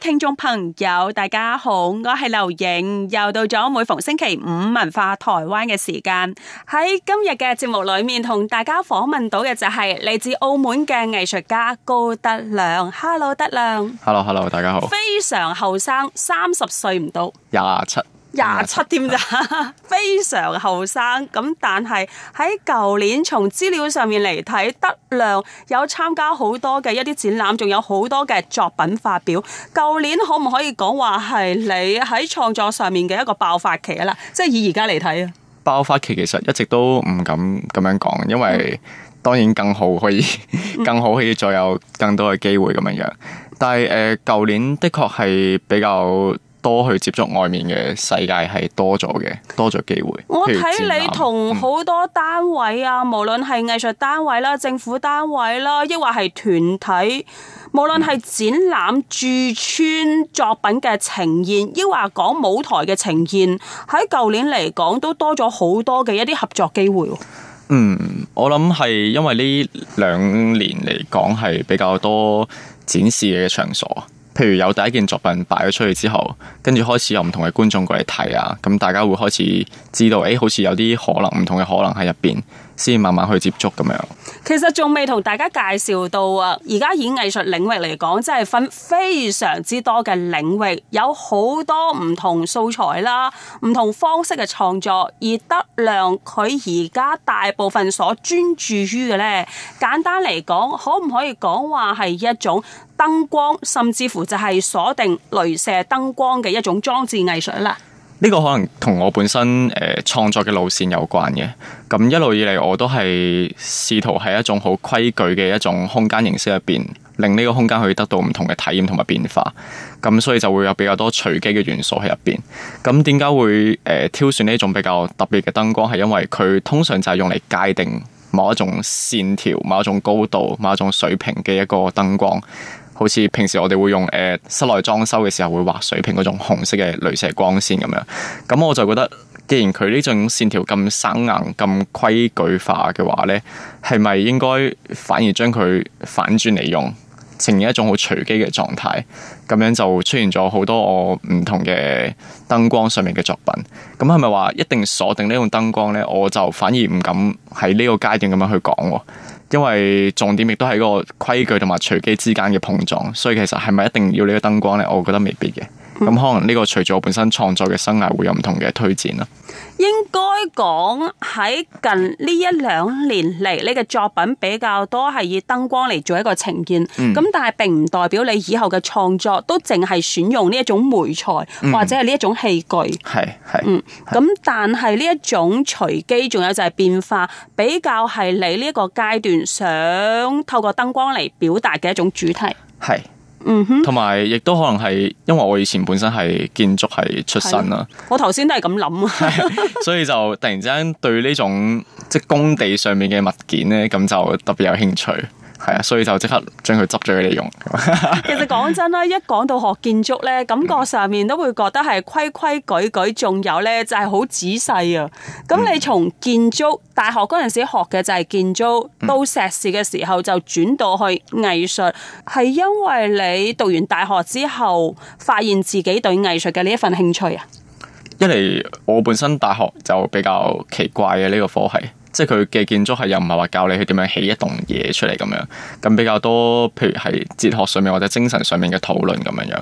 聽眾朋友，大家好，我係劉影，又到咗每逢星期五文化台灣嘅時間。喺今日嘅節目裏面，同大家訪問到嘅就係嚟自澳門嘅藝術家高德亮。Hello，德亮。Hello，Hello，hello，大家好。非常後生，三十歲唔到。廿七。廿七點咋，27, 非常後生咁。但係喺舊年，從資料上面嚟睇，德亮有參加好多嘅一啲展覽，仲有好多嘅作品發表。舊年可唔可以講話係你喺創作上面嘅一個爆發期啦？即係以而家嚟睇啊！爆發期其實一直都唔敢咁樣講，因為當然更好，可以更好，可以再有更多嘅機會咁樣樣。但係誒，舊年的確係比較。多去接觸外面嘅世界係多咗嘅，多咗機會。我睇你同好多單位啊，嗯、無論係藝術單位啦、政府單位啦，抑或係團體，無論係展覽駐、嗯、村作品嘅呈現，抑或講舞台嘅呈現，喺舊年嚟講都多咗好多嘅一啲合作機會、啊。嗯，我諗係因爲呢兩年嚟講係比較多展示嘅場所。譬如有第一件作品擺咗出去之後，跟住開始有唔同嘅觀眾過嚟睇啊，咁大家會開始知道，誒、哎，好似有啲可能，唔同嘅可能喺入邊。先慢慢去接觸，咁樣其實仲未同大家介紹到啊！而家演藝術領域嚟講，真係分非常之多嘅領域，有好多唔同素材啦、唔同方式嘅創作。而德亮佢而家大部分所專注於嘅咧，簡單嚟講可唔可以講話，係一種燈光，甚至乎就係鎖定鐳射燈光嘅一種裝置藝術啦？呢個可能同我本身誒、呃、創作嘅路線有關嘅，咁一路以嚟我都係試圖喺一種好規矩嘅一種空間形式入邊，令呢個空間可以得到唔同嘅體驗同埋變化，咁所以就會有比較多隨機嘅元素喺入邊。咁點解會誒、呃、挑選呢種比較特別嘅燈光？係因為佢通常就係用嚟界定某一種線條、某一種高度、某一種水平嘅一個燈光。好似平時我哋會用誒、呃、室內裝修嘅時候會畫水平嗰種紅色嘅鐳射光線咁樣，咁我就覺得，既然佢呢種線條咁生硬、咁規矩化嘅話呢，係咪應該反而將佢反轉嚟用，呈現一種好隨機嘅狀態？咁樣就出現咗好多我唔同嘅燈光上面嘅作品。咁係咪話一定鎖定呢種燈光呢？我就反而唔敢喺呢個階段咁樣去講喎。因為重點亦都係個規矩同埋隨機之間嘅碰撞，所以其實係咪一定要呢個燈光呢？我覺得未必嘅。咁可能呢個隨住我本身創作嘅生涯會有唔同嘅推薦啦。應該講，喺近呢一兩年嚟，你嘅作品比較多係以燈光嚟做一個呈現。咁、嗯、但係並唔代表你以後嘅創作都淨係選用呢一種媒材或者係呢一種器具。係係。嗯、咁、嗯、但係呢一種隨機，仲有就係變化，比較係你呢一個階段想透過燈光嚟表達嘅一種主題。係。嗯哼，同埋亦都可能係因為我以前本身係建築系出身啦，我頭先都係咁諗，係啊，所以就突然之間對呢種即係工地上面嘅物件咧，咁就特別有興趣。係啊，所以就即刻將佢執咗佢哋用。其實講真啦，一講到學建築咧，感覺上面都會覺得係規規矩矩，仲有咧就係好仔細啊。咁你從建築大學嗰陣時學嘅就係建築，到碩士嘅時候就轉到去藝術，係因為你讀完大學之後發現自己對藝術嘅呢一份興趣啊。一嚟我本身大學就比較奇怪嘅呢個科係。即係佢嘅建築系又唔係話教你去點樣起一棟嘢出嚟，咁樣，咁比較多，譬如係哲學上面或者精神上面嘅討論咁樣樣。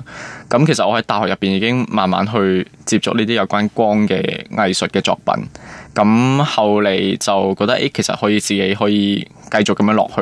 咁其實我喺大學入邊已經慢慢去接觸呢啲有關光嘅藝術嘅作品，咁後嚟就覺得誒、欸，其實可以自己可以繼續咁樣落去，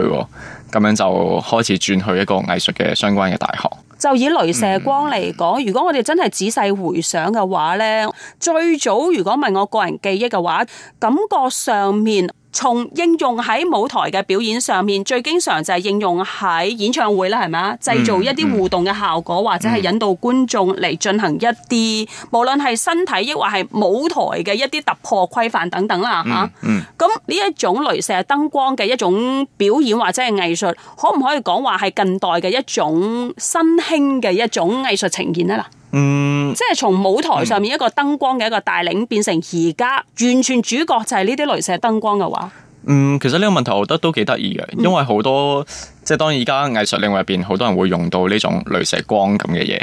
咁樣就開始轉去一個藝術嘅相關嘅大學。就以鐳射光嚟講，嗯、如果我哋真係仔細回想嘅話咧，最早如果問我個人記憶嘅話，感覺上面。從應用喺舞台嘅表演上面，最經常就係應用喺演唱會啦，係咪啊？製造一啲互動嘅效果，或者係引導觀眾嚟進行一啲，嗯、無論係身體亦或係舞台嘅一啲突破規範等等啦，吓、嗯。咁呢一種鐳射燈光嘅一種表演或者係藝術，可唔可以講話係近代嘅一種新興嘅一種藝術呈現呢？嗯，即係從舞台上面一個燈光嘅一個帶領，變成而家完全主角就係呢啲鐳射燈光嘅話，嗯，其實呢個問題我覺得都幾得意嘅，因為好多、嗯、即係當而家藝術領域入邊，好多人會用到呢種鐳射光咁嘅嘢，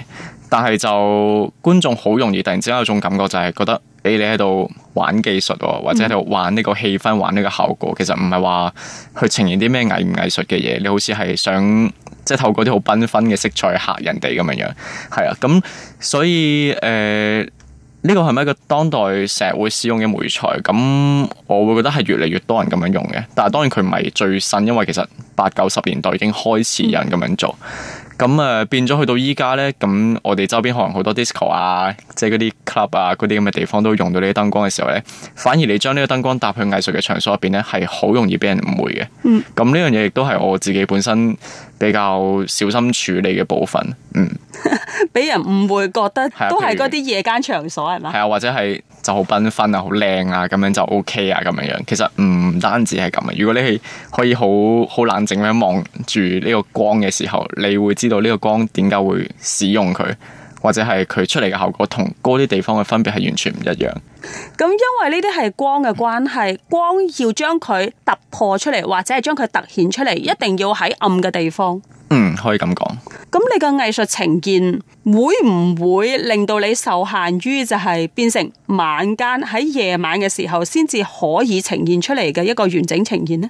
但係就觀眾好容易突然之間有種感覺，就係覺得。俾你喺度玩技術，哦，或者喺度玩呢個氣氛，玩呢個效果。其實唔係話去呈現啲咩藝唔藝術嘅嘢。你好似係想即係透過啲好繽紛嘅色彩嚇人哋咁樣樣。係啊，咁所以誒呢，呃這個係咪一個當代社會使用嘅媒材？咁我會覺得係越嚟越多人咁樣用嘅。但係當然佢唔係最新，因為其實八九十年代，已經開始有人咁樣做。咁啊，變咗去到依家咧，咁我哋周邊可能好多 disco 啊，即係嗰啲 club 啊，嗰啲咁嘅地方都用到呢啲燈光嘅時候咧，反而你將呢個燈光搭去藝術嘅場所入邊咧，係好容易俾人誤會嘅。嗯，咁呢樣嘢亦都係我自己本身，比較小心處理嘅部分，嗯，俾 人誤會覺得都係嗰啲夜間場所係嘛，係如吧啊，或者係就好繽紛啊，好靚、OK、啊，咁樣就 OK 啊，咁樣樣。其實唔單止係咁啊，如果你係可以好好冷靜咁，望住呢個光嘅時候，你會知道呢個光點解會使用佢。或者係佢出嚟嘅效果同嗰啲地方嘅分別係完全唔一樣。咁因為呢啲係光嘅關係，光要將佢突破出嚟，或者係將佢突顯出嚟，一定要喺暗嘅地方。嗯，可以咁講。咁你嘅藝術呈現會唔會令到你受限於就係變成晚間喺夜晚嘅時候先至可以呈現出嚟嘅一個完整呈現呢？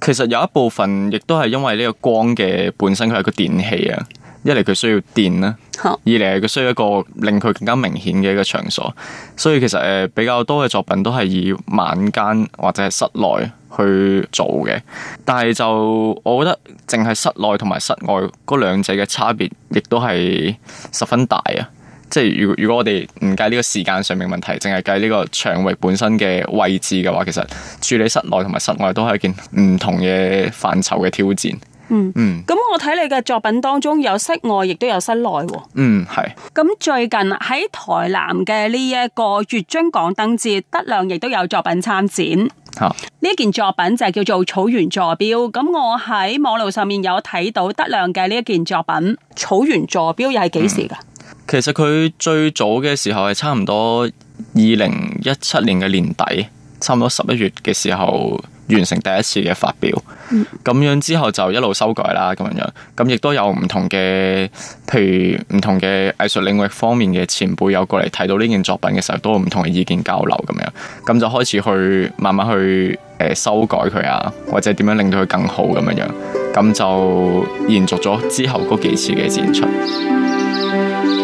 其實有一部分亦都係因為呢個光嘅本身，佢係個電器啊。一嚟佢需要電啦，好二嚟佢需要一個令佢更加明顯嘅一個場所，所以其實誒、呃、比較多嘅作品都係以晚間或者係室內去做嘅。但係就我覺得，淨係室內同埋室外嗰兩者嘅差別，亦都係十分大啊！即係如果如果我哋唔計呢個時間上面問題，淨係計呢個場域本身嘅位置嘅話，其實處理室內同埋室外都係一件唔同嘅範疇嘅挑戰。嗯嗯，咁、嗯、我睇你嘅作品當中有室外，亦都有室內、哦。嗯，係。咁最近喺台南嘅呢一個月津港燈節，德亮亦都有作品參展。吓、啊，呢一件作品就係叫做《草原座標》。咁我喺網路上面有睇到德亮嘅呢一件作品《草原座標》，又係幾時噶？其實佢最早嘅時候係差唔多二零一七年嘅年底，差唔多十一月嘅時候。完成第一次嘅發表，咁樣之後就一路修改啦，咁樣，咁亦都有唔同嘅，譬如唔同嘅藝術領域方面嘅前輩有過嚟睇到呢件作品嘅時候，都有唔同嘅意見交流咁樣，咁就開始去慢慢去誒、呃、修改佢啊，或者點樣令到佢更好咁樣，咁就延續咗之後嗰幾次嘅展出。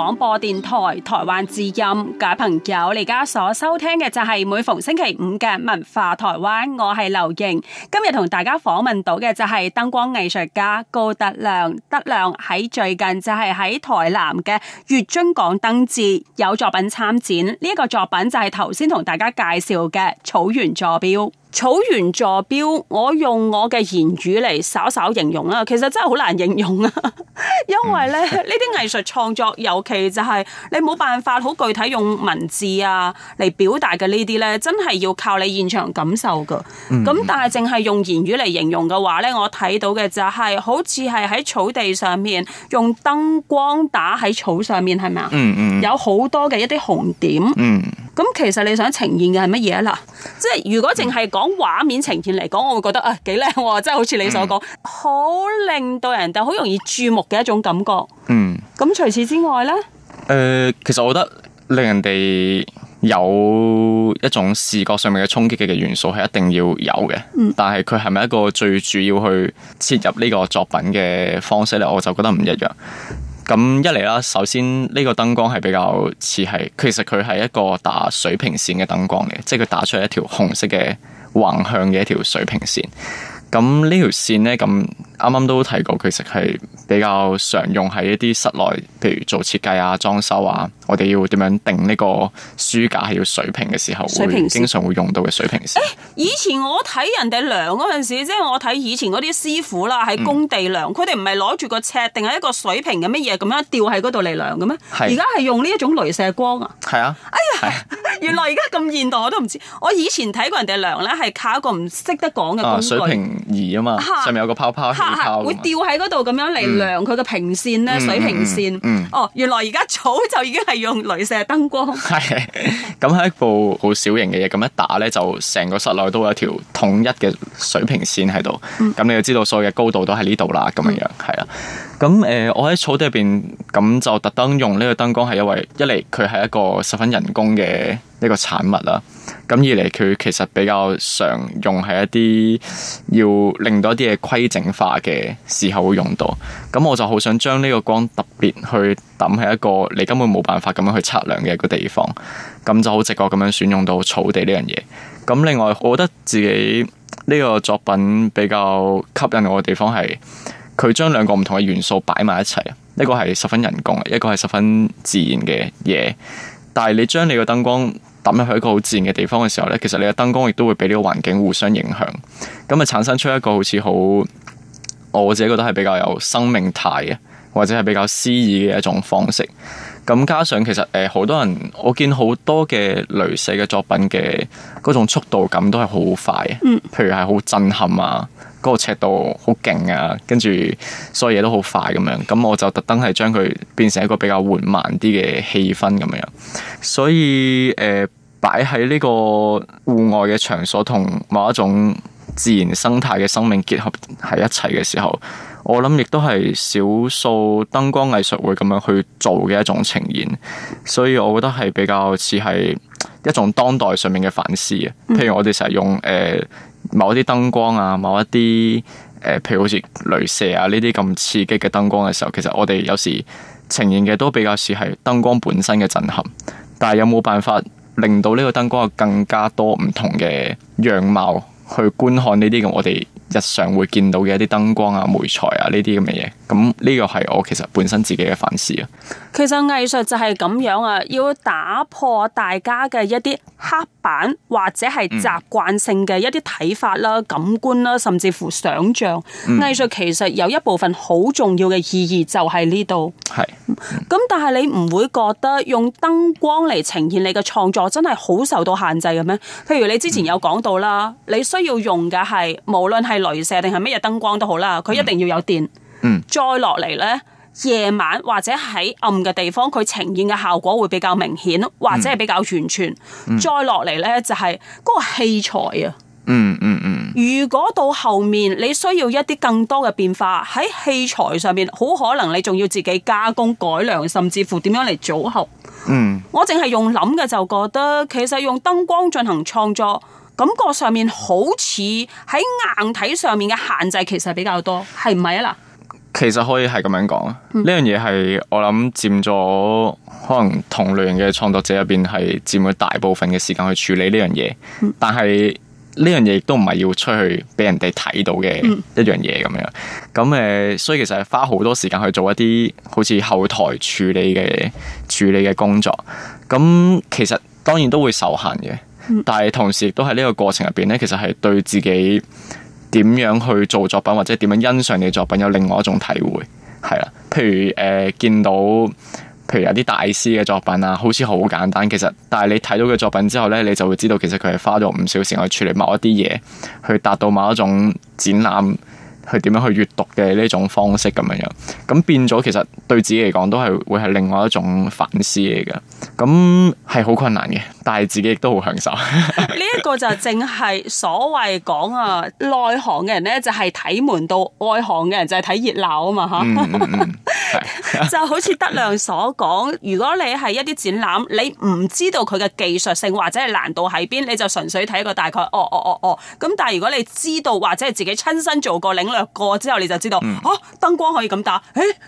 廣播電台台灣之音各位朋友，你而家所收聽嘅就係每逢星期五嘅文化台灣，我係劉盈，今日同大家訪問到嘅就係燈光藝術家高德亮，德亮喺最近就係喺台南嘅月津港燈節有作品參展，呢、這、一個作品就係頭先同大家介紹嘅草原座標。草原座標,標，我用我嘅言語嚟稍稍形容啦，其實真係好難形容啊， 因為咧呢啲藝術創作尤其。就係你冇辦法好具體用文字啊嚟表達嘅呢啲咧，真係要靠你現場感受噶。咁、嗯、但係淨係用言語嚟形容嘅話咧，我睇到嘅就係、是、好似係喺草地上面用燈光打喺草上面，係咪啊？嗯嗯，有好多嘅一啲紅點。嗯。咁其實你想呈現嘅係乜嘢嗱，即係如果淨係講畫面呈現嚟講，我會覺得啊，幾靚喎！即係、哦、好似你所講，好、嗯、令到人哋好容易注目嘅一種感覺。嗯。咁除此之外呢，誒、呃，其實我覺得令人哋有一種視覺上面嘅衝擊嘅元素係一定要有嘅。嗯、但係佢係咪一個最主要去切入呢個作品嘅方式呢？我就覺得唔一樣。咁一嚟啦，首先呢個燈光係比較似係，其實佢係一個打水平線嘅燈光嚟，即係佢打出一條紅色嘅橫向嘅一條水平線。咁呢條線呢，咁啱啱都提過，其實係比較常用喺一啲室內，譬如做設計啊、裝修啊，我哋要點樣定呢個書架係要水平嘅時候，水平經常會用到嘅水平線。平欸、以前我睇人哋量嗰陣時，即、就、係、是、我睇以前嗰啲師傅啦，喺工地量，佢哋唔係攞住個尺定係一個水平嘅乜嘢咁樣吊喺嗰度嚟量嘅咩？而家係用呢一種雷射光啊？係啊！哎呀呦，啊、原來而家咁現代，我都唔知。我以前睇過人哋量呢，係靠一個唔識得講嘅工具。儀啊嘛，上面有個泡泡，泡，會吊喺嗰度咁樣嚟量佢嘅平線咧，嗯、水平線。嗯嗯、哦，原來而家早就已經係用鐳射燈光。係 ，咁喺一部好小型嘅嘢，咁一打咧就成個室內都有一條統一嘅水平線喺度。咁、嗯、你就知道所有嘅高度都喺呢度啦，咁、嗯、樣樣係啦。咁誒、呃，我喺草地入邊，咁就特登用呢個燈光，係因為一嚟佢係一個十分人工嘅。呢個產物啦，咁二嚟佢其實比較常用係一啲要令到一啲嘢規整化嘅時候會用到，咁我就好想將呢個光特別去抌喺一個你根本冇辦法咁樣去測量嘅一個地方，咁就好直覺咁樣選用到草地呢樣嘢。咁另外，我覺得自己呢個作品比較吸引我嘅地方係，佢將兩個唔同嘅元素擺埋一齊，呢個係十分人工，一個係十分自然嘅嘢，但係你將你個燈光抌去一個好自然嘅地方嘅時候呢，其實你嘅燈光亦都會俾呢個環境互相影響，咁啊產生出一個好似好，我自己覺得係比較有生命態嘅，或者係比較詩意嘅一種方式。咁加上其實誒，好多人我見好多嘅鐳射嘅作品嘅嗰種速度感都係好快，譬如係好震撼啊。嗰個尺度好勁啊，跟住所有嘢都好快咁樣，咁我就特登係將佢變成一個比較緩慢啲嘅氣氛咁樣。所以誒、呃，擺喺呢個戶外嘅場所同某一種自然生態嘅生命結合喺一齊嘅時候，我諗亦都係少數燈光藝術會咁樣去做嘅一種呈現。所以，我覺得係比較似係一種當代上面嘅反思嘅。譬如我哋成日用誒。呃某一啲燈光啊，某一啲誒，譬如好似雷射啊呢啲咁刺激嘅燈光嘅時候，其實我哋有時呈現嘅都比較似係燈光本身嘅震撼，但係有冇辦法令到呢個燈光有更加多唔同嘅樣貌去觀看呢啲咁我哋日常會見到嘅一啲燈光啊、媒材啊呢啲咁嘅嘢？咁呢個係我其實本身自己嘅反思啊。其實藝術就係咁樣啊，要打破大家嘅一啲黑板或者係習慣性嘅一啲睇法啦、嗯、感官啦，甚至乎想象藝術、嗯、其實有一部分好重要嘅意義就喺呢度。係。咁、嗯、但係你唔會覺得用燈光嚟呈現你嘅創作真係好受到限制嘅咩？譬如你之前有講到啦，嗯、你需要用嘅係無論係鐳射定係咩嘢燈光都好啦，佢一定要有電。再落嚟呢，夜晚或者喺暗嘅地方，佢呈現嘅效果會比較明顯，或者係比較完全。嗯、再落嚟呢，就係、是、嗰個器材啊。嗯嗯嗯。嗯嗯，如果到後面你需要一啲更多嘅變化喺器材上面，好可能你仲要自己加工改良，甚至乎點樣嚟組合。嗯，我淨係用諗嘅就覺得，其實用燈光進行創作，感覺上面好似喺硬體上面嘅限制其實比較多，係唔係啊？嗱。其實可以係咁樣講，嗯、呢樣嘢係我諗佔咗可能同類型嘅創作者入邊係佔咗大部分嘅時間去處理呢樣嘢，嗯、但係呢樣嘢亦都唔係要出去俾人哋睇到嘅一樣嘢咁樣，咁誒，所以其實係花好多時間去做一啲好似後台處理嘅處理嘅工作，咁其實當然都會受限嘅，嗯、但係同時亦都喺呢個過程入邊咧，其實係對自己。點樣去做作品，或者點樣欣賞你作品，有另外一種體會，係啦。譬如誒、呃，見到譬如有啲大師嘅作品啊，好似好簡單，其實但係你睇到佢作品之後咧，你就會知道其實佢係花咗唔少時間去處理某一啲嘢，去達到某一種展覽。去點樣去閱讀嘅呢種方式，咁樣樣咁變咗，其實對自己嚟講都係會係另外一種反思嚟嘅，咁係好困難嘅，但係自己亦都好享受。呢 一個就正係所謂講啊，內行嘅人咧就係、是、睇門道，外行嘅人就係睇熱鬧啊嘛吓，就好似德亮所講，如果你係一啲展覽，你唔知道佢嘅技術性或者係難度喺邊，你就純粹睇一個大概。哦哦哦哦，咁、哦哦、但係如果你知道或者係自己親身做過領。略過之後你就知道，哦、嗯，燈光可以咁打，誒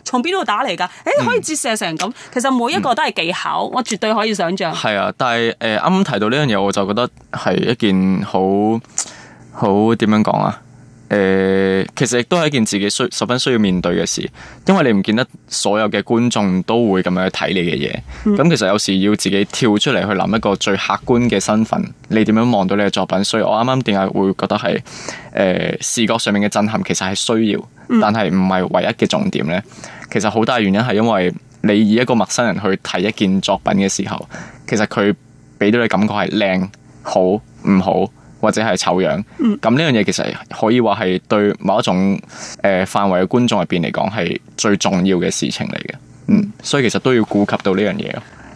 從邊度打嚟噶？誒可以折射成咁，嗯、其實每一個都係技巧，嗯、我絕對可以想象。係啊，但係誒啱啱提到呢樣嘢，我就覺得係一件好好點樣講啊？誒，uh，其實亦都係一件自己需十分需要面對嘅事，因為你唔見得所有嘅觀眾都會咁樣去睇你嘅嘢。咁、mm。嗯、其實有時要自己跳出嚟去諗一個最客觀嘅身份，你點樣望到你嘅作品？所以我啱啱點解會覺得係誒、呃、視覺上面嘅震撼，其實係需要，但係唔係唯一嘅重點呢。其實好大原因係因為你以一個陌生人去睇一件作品嘅時候，其實佢俾到你感覺係靚、好、唔好。或者係醜樣，咁呢樣嘢其實可以話係對某一種誒、呃、範圍嘅觀眾入邊嚟講係最重要嘅事情嚟嘅。嗯，所以其實都要顧及到呢樣嘢。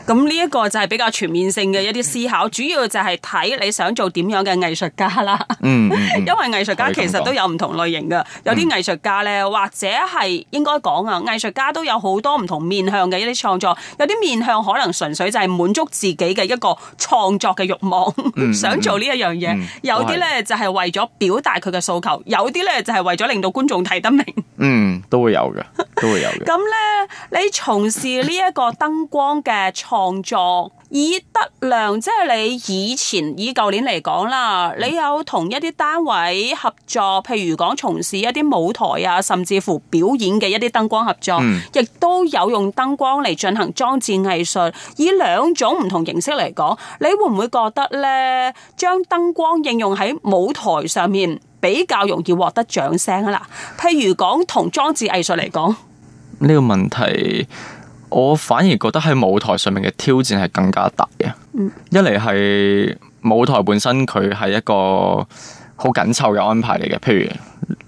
咁呢一個就係比較全面性嘅一啲思考，主要就係睇你想做點樣嘅藝術家啦。嗯， 因為藝術家其實都有唔同類型嘅，有啲藝術家咧，或者係應該講啊，藝術家都有好多唔同面向嘅一啲創作。有啲面向可能純粹就係滿足自己嘅一個創作嘅欲望，嗯嗯、 想做呢一樣嘢。有啲咧就係、是、為咗表達佢嘅訴求，有啲咧就係、是、為咗令到觀眾睇得明。 嗯，都會有嘅，都會有嘅。咁咧， 你從事呢一個燈光嘅創創作以德亮，即係你以前以舊年嚟講啦，你有同一啲單位合作，譬如講從事一啲舞台啊，甚至乎表演嘅一啲燈光合作，亦、嗯、都有用燈光嚟進行裝置藝術，以兩種唔同形式嚟講，你會唔會覺得咧，將燈光應用喺舞台上面比較容易獲得掌聲啊？嗱，譬如講同裝置藝術嚟講呢個問題。我反而覺得喺舞台上面嘅挑戰係更加大嘅，嗯、一嚟係舞台本身佢係一個好緊湊嘅安排嚟嘅，譬如誒、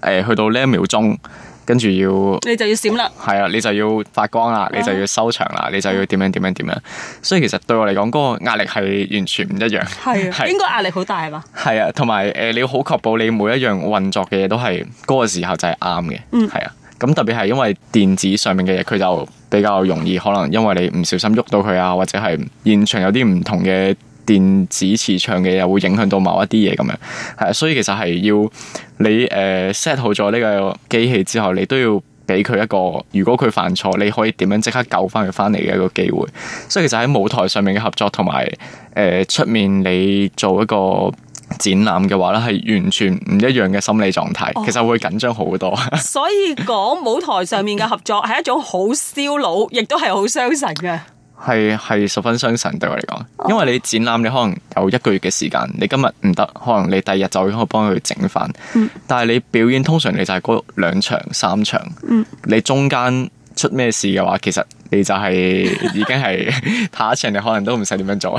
呃、去到呢一秒鐘，跟住要你就要閃啦，係啊，你就要發光啦，啊、你就要收場啦，你就要點樣點樣點樣，所以其實對我嚟講，嗰、嗰個壓力係完全唔一樣，係啊， 啊，應該壓力好大係嘛，係啊，同埋誒你要好確保你每一樣運作嘅嘢都係嗰個時候就係啱嘅，嗯，係啊，咁特別係因為電子上面嘅嘢，佢就。比較容易，可能因為你唔小心喐到佢啊，或者係現場有啲唔同嘅電子磁場嘅嘢，會影響到某一啲嘢咁樣。係啊，所以其實係要你誒 set、呃、好咗呢個機器之後，你都要俾佢一個，如果佢犯錯，你可以點樣即刻救翻佢翻嚟嘅一個機會。所以其實喺舞台上面嘅合作，同埋誒出面你做一個。展覽嘅話咧，係完全唔一樣嘅心理狀態，oh. 其實會緊張好多。 所以講舞台上面嘅合作係一種好燒腦，亦都係好傷神嘅。係係十分傷神，對我嚟講，oh. 因為你展覽你可能有一個月嘅時間，你今日唔得，可能你第二日就可以幫佢整翻。Mm. 但係你表演通常你就係嗰兩場三場，mm. 你中間出咩事嘅話，其實。你就係已經係下一場，你可能都唔使點樣做，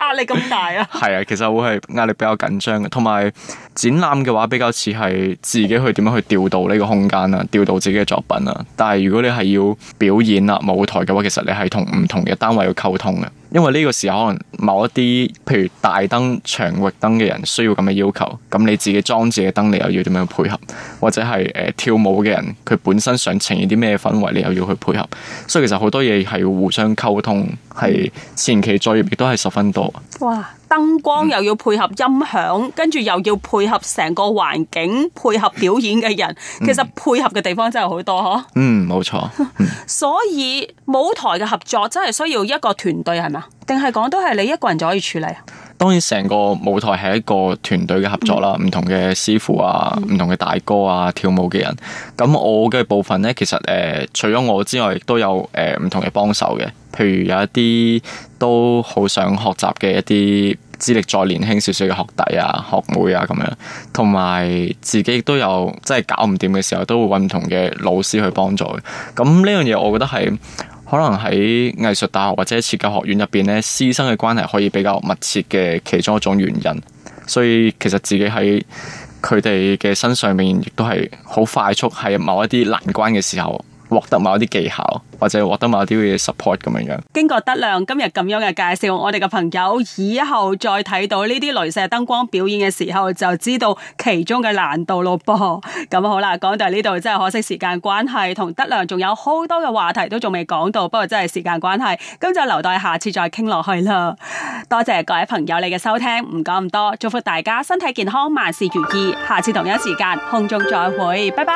壓 力咁大啊？係啊，其實會係壓力比較緊張嘅，同埋展覽嘅話比較似係自己去點樣去調度呢個空間啦，調度自己嘅作品啦。但係如果你係要表演啦、啊、舞台嘅話，其實你係同唔同嘅單位去溝通嘅，因為呢個時候可能某一啲譬如大燈、長域燈嘅人需要咁嘅要求，咁你自己裝自己嘅燈，你又要點樣配合？或者係誒、呃、跳舞嘅人，佢本身想呈現啲咩氛圍，你又要去配合。所以其實好多嘢係要互相溝通，係前期作業亦都係十分多。哇！燈光又要配合音響，跟住、嗯、又要配合成個環境，配合表演嘅人，其實配合嘅地方真係好多嗬、嗯。嗯，冇錯。所以舞台嘅合作真係需要一個團隊，係咪？定係講都係你一個人就可以處理啊？當然，成個舞台係一個團隊嘅合作啦，嗯，唔同嘅師傅啊，嗯，唔同嘅大哥啊，跳舞嘅人。咁我嘅部分呢，其實誒、呃，除咗我之外，亦都有誒、呃、唔同嘅幫手嘅。譬如有一啲都好想學習嘅一啲資歷再年輕少少嘅學弟啊、學妹啊咁樣，同埋自己亦都有即係搞唔掂嘅時候，都會搵唔同嘅老師去幫助嘅。咁呢樣嘢，我覺得係。可能喺藝術大學或者設計學院入邊咧，師生嘅關係可以比較密切嘅其中一種原因。所以其實自己喺佢哋嘅身上面，亦都係好快速喺某一啲難關嘅時候，獲得某啲技巧，或者獲得某啲嘅 support 咁樣樣。經過德亮今日咁樣嘅介紹，我哋嘅朋友以後再睇到呢啲鐳射燈光表演嘅時候，就知道其中嘅難度咯噃。咁好啦，講到呢度真係可惜，時間關係同德亮仲有好多嘅話題都仲未講到，不過真係時間關係，咁就留待下次再傾落去啦。多謝各位朋友你嘅收聽，唔講咁多，祝福大家身體健康，萬事如意。下次同一時間空中再會，拜拜。